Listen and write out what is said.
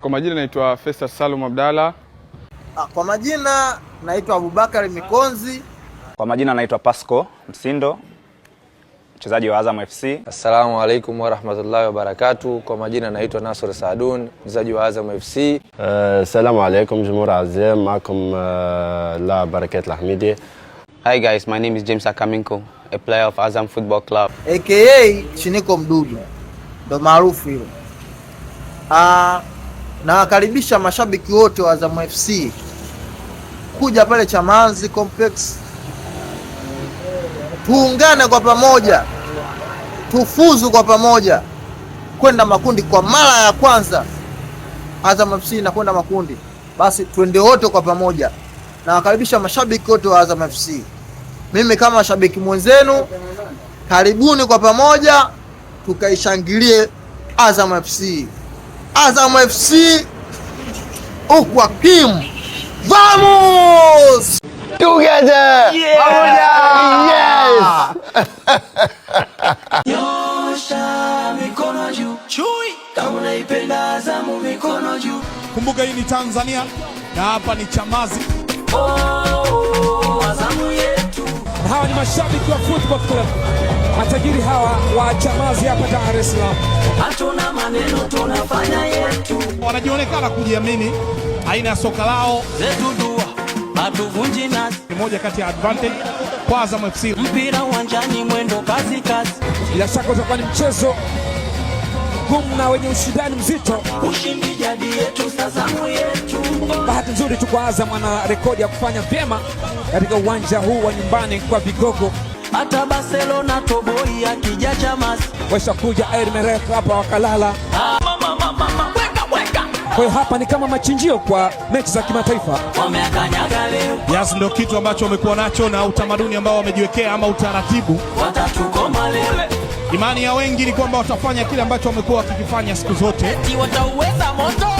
Kwa majina naitwa Fesa Salum Abdalla. Ah, kwa majina naitwa Abubakari Mikonzi. Kwa majina naitwa Pasco Msindo, mchezaji wa Azam FC. Assalamu alaikum warahmatullahi wabarakatuh. Kwa majina naitwa Nasr Saadun, mchezaji wa Azam FC. Eh, assalamu alaikum jumhur azim, maakum eh, la barakat lahmidi. Hi guys, my name is James Akaminko, a player of Azam Football Club. AKA Chiniko Mdudu. Ndo maarufu hiyo. Ah uh, Nawakaribisha mashabiki wote wa Azam FC kuja pale Chamazi Complex, tuungane kwa pamoja, tufuzu kwa pamoja kwenda makundi kwa mara ya kwanza. Azam FC na kwenda makundi, basi twende wote kwa pamoja. Nawakaribisha mashabiki wote wa Azam FC. Mimi kama shabiki mwenzenu, karibuni kwa pamoja tukaishangilie Azam FC. Azam FC Ukwakimu, vamos together, yeah. Nyosha mikono juu, chui kama unaipenda Azamu, mikono juu. Kumbuka hii ni Tanzania na hapa ni Chamazi. Oh, Azamu yetu. Hawa ni mashabiki wa football club matajiri hawa wa Chamazi hapa Dar es Salaam. Hatuna maneno, tunafanya yetu. Wanajionekana kujiamini aina ya soka lao ni moja kati ya advantage kwa Azam FC. Mpira uwanjani, mwendo kasi kasi. Bila shaka utakuwa ni mchezo gumu na wenye ushindani mzito. Ushindi jadi yetu, sasa yetu. Bahati nzuri tu kwa Azam ana rekodi ya kufanya vyema katika uwanja huu wa nyumbani kwa vigogo hata Barcelona toboi akija Chamas air Mereka hapa wakalala. Ah, kwa hiyo hapa ni kama machinjio kwa mechi za kimataifa. Yes, ndio kitu ambacho wamekuwa nacho na utamaduni ambao wamejiwekea ama utaratibu. Imani ya wengi ni kwamba watafanya kile ambacho wamekuwa wakikifanya siku zote. Watauweza moto